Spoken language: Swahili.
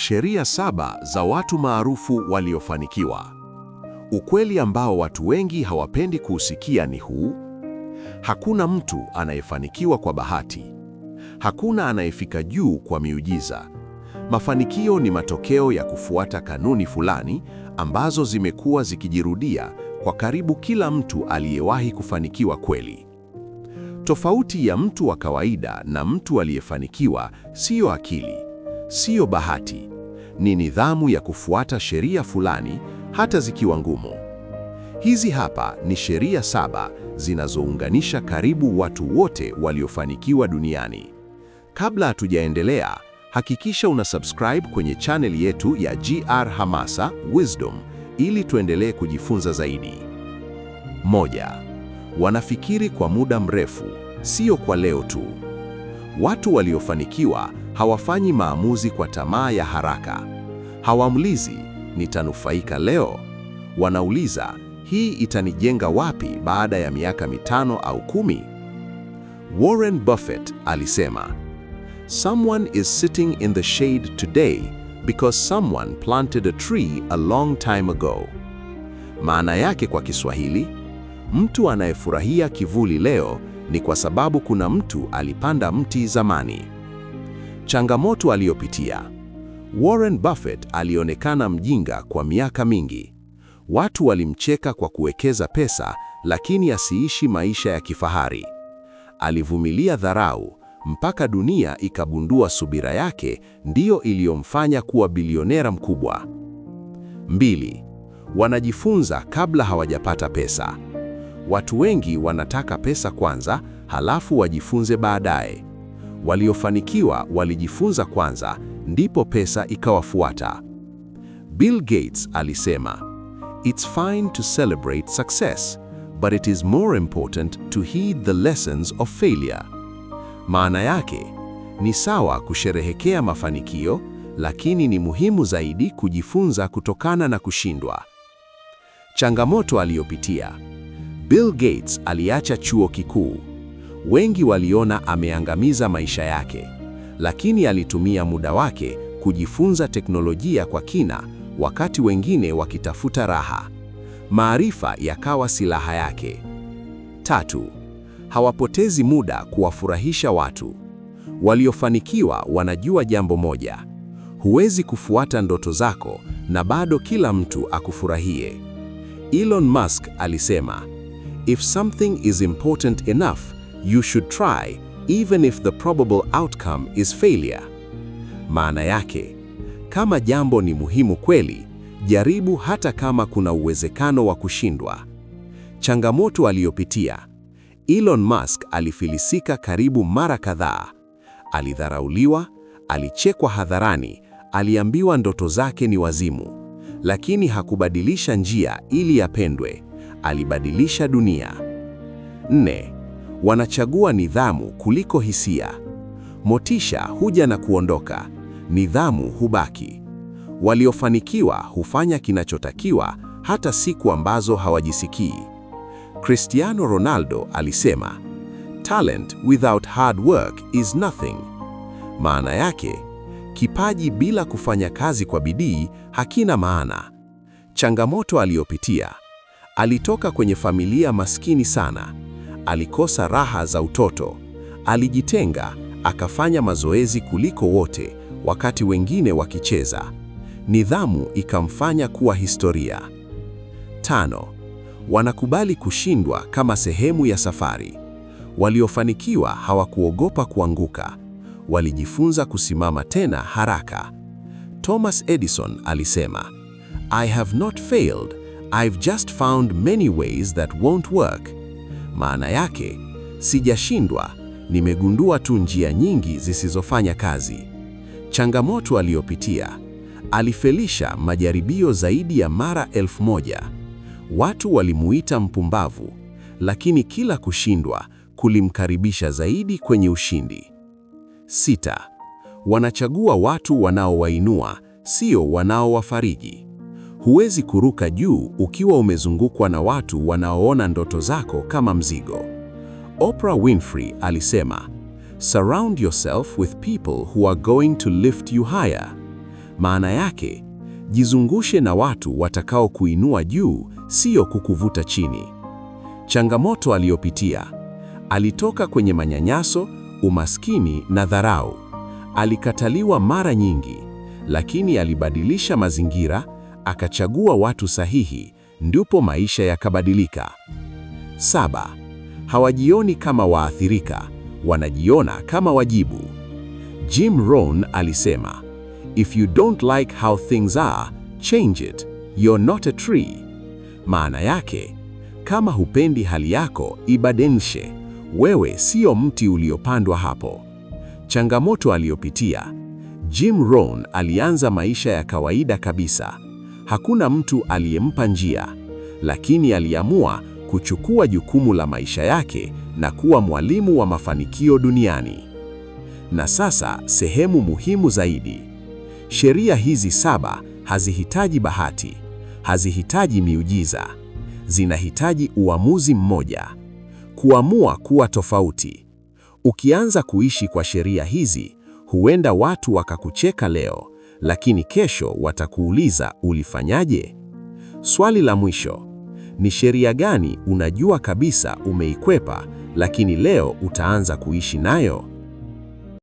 Sheria saba za watu maarufu waliofanikiwa. Ukweli ambao watu wengi hawapendi kuusikia ni huu: hakuna mtu anayefanikiwa kwa bahati, hakuna anayefika juu kwa miujiza. Mafanikio ni matokeo ya kufuata kanuni fulani ambazo zimekuwa zikijirudia kwa karibu kila mtu aliyewahi kufanikiwa kweli. Tofauti ya mtu wa kawaida na mtu aliyefanikiwa siyo akili, siyo bahati, ni nidhamu ya kufuata sheria fulani hata zikiwa ngumu. Hizi hapa ni sheria saba zinazounganisha karibu watu wote waliofanikiwa duniani. Kabla hatujaendelea, hakikisha una subscribe kwenye channel yetu ya GR Hamasa Wisdom ili tuendelee kujifunza zaidi. Moja, wanafikiri kwa muda mrefu, sio kwa leo tu. Watu waliofanikiwa Hawafanyi maamuzi kwa tamaa ya haraka. Hawamlizi nitanufaika leo, wanauliza hii itanijenga wapi baada ya miaka mitano au kumi? Warren Buffett alisema, someone is sitting in the shade today because someone planted a tree a long time ago. Maana yake kwa Kiswahili, mtu anayefurahia kivuli leo ni kwa sababu kuna mtu alipanda mti zamani changamoto aliyopitia. Warren Buffett alionekana mjinga kwa miaka mingi. Watu walimcheka kwa kuwekeza pesa, lakini asiishi maisha ya kifahari. Alivumilia dharau mpaka dunia ikagundua subira yake ndiyo iliyomfanya kuwa bilionera mkubwa. Mbili, wanajifunza kabla hawajapata pesa. Watu wengi wanataka pesa kwanza, halafu wajifunze baadaye. Waliofanikiwa walijifunza kwanza, ndipo pesa ikawafuata. Bill Gates alisema, It's fine to celebrate success, but it is more important to heed the lessons of failure. Maana yake ni sawa kusherehekea mafanikio, lakini ni muhimu zaidi kujifunza kutokana na kushindwa. Changamoto aliyopitia. Bill Gates aliacha chuo kikuu. Wengi waliona ameangamiza maisha yake, lakini alitumia muda wake kujifunza teknolojia kwa kina, wakati wengine wakitafuta raha. Maarifa yakawa silaha yake. Tatu, hawapotezi muda kuwafurahisha watu. Waliofanikiwa wanajua jambo moja: huwezi kufuata ndoto zako na bado kila mtu akufurahie. Elon Musk alisema, if something is important enough you should try even if the probable outcome is failure. Maana yake, kama jambo ni muhimu kweli, jaribu hata kama kuna uwezekano wa kushindwa. Changamoto aliyopitia Elon Musk, alifilisika karibu mara kadhaa. Alidharauliwa, alichekwa hadharani, aliambiwa ndoto zake ni wazimu, lakini hakubadilisha njia ili apendwe, alibadilisha dunia. Nne, Wanachagua nidhamu kuliko hisia. Motisha huja na kuondoka, nidhamu hubaki. Waliofanikiwa hufanya kinachotakiwa hata siku ambazo hawajisikii. Cristiano Ronaldo alisema, talent without hard work is nothing. Maana yake, kipaji bila kufanya kazi kwa bidii hakina maana. Changamoto aliyopitia, alitoka kwenye familia maskini sana alikosa raha za utoto, alijitenga, akafanya mazoezi kuliko wote, wakati wengine wakicheza. Nidhamu ikamfanya kuwa historia. Tano, wanakubali kushindwa kama sehemu ya safari. Waliofanikiwa hawakuogopa kuanguka, walijifunza kusimama tena haraka. Thomas Edison alisema, I have not failed, I've just found many ways that won't work. Maana yake sijashindwa, nimegundua tu njia nyingi zisizofanya kazi. Changamoto aliyopitia, alifelisha majaribio zaidi ya mara elfu moja. Watu walimuita mpumbavu, lakini kila kushindwa kulimkaribisha zaidi kwenye ushindi. Sita, wanachagua watu wanaowainua, sio wanaowafariji. Huwezi kuruka juu ukiwa umezungukwa na watu wanaoona ndoto zako kama mzigo. Oprah Winfrey alisema, surround yourself with people who are going to lift you higher. Maana yake, jizungushe na watu watakao kuinua juu, sio kukuvuta chini. Changamoto aliyopitia, alitoka kwenye manyanyaso, umaskini na dharau. Alikataliwa mara nyingi, lakini alibadilisha mazingira akachagua watu sahihi, ndipo maisha yakabadilika. Saba, hawajioni kama waathirika, wanajiona kama wajibu. Jim Rohn alisema, if you don't like how things are, change it, you're not a tree. Maana yake, kama hupendi hali yako, ibadilishe. Wewe sio mti uliopandwa hapo. Changamoto aliyopitia Jim Rohn, alianza maisha ya kawaida kabisa. Hakuna mtu aliyempa njia, lakini aliamua kuchukua jukumu la maisha yake na kuwa mwalimu wa mafanikio duniani. Na sasa sehemu muhimu zaidi. Sheria hizi saba hazihitaji bahati, hazihitaji miujiza. Zinahitaji uamuzi mmoja. Kuamua kuwa tofauti. Ukianza kuishi kwa sheria hizi, huenda watu wakakucheka leo, lakini kesho watakuuliza ulifanyaje? Swali la mwisho, ni sheria gani unajua kabisa umeikwepa, lakini leo utaanza kuishi nayo?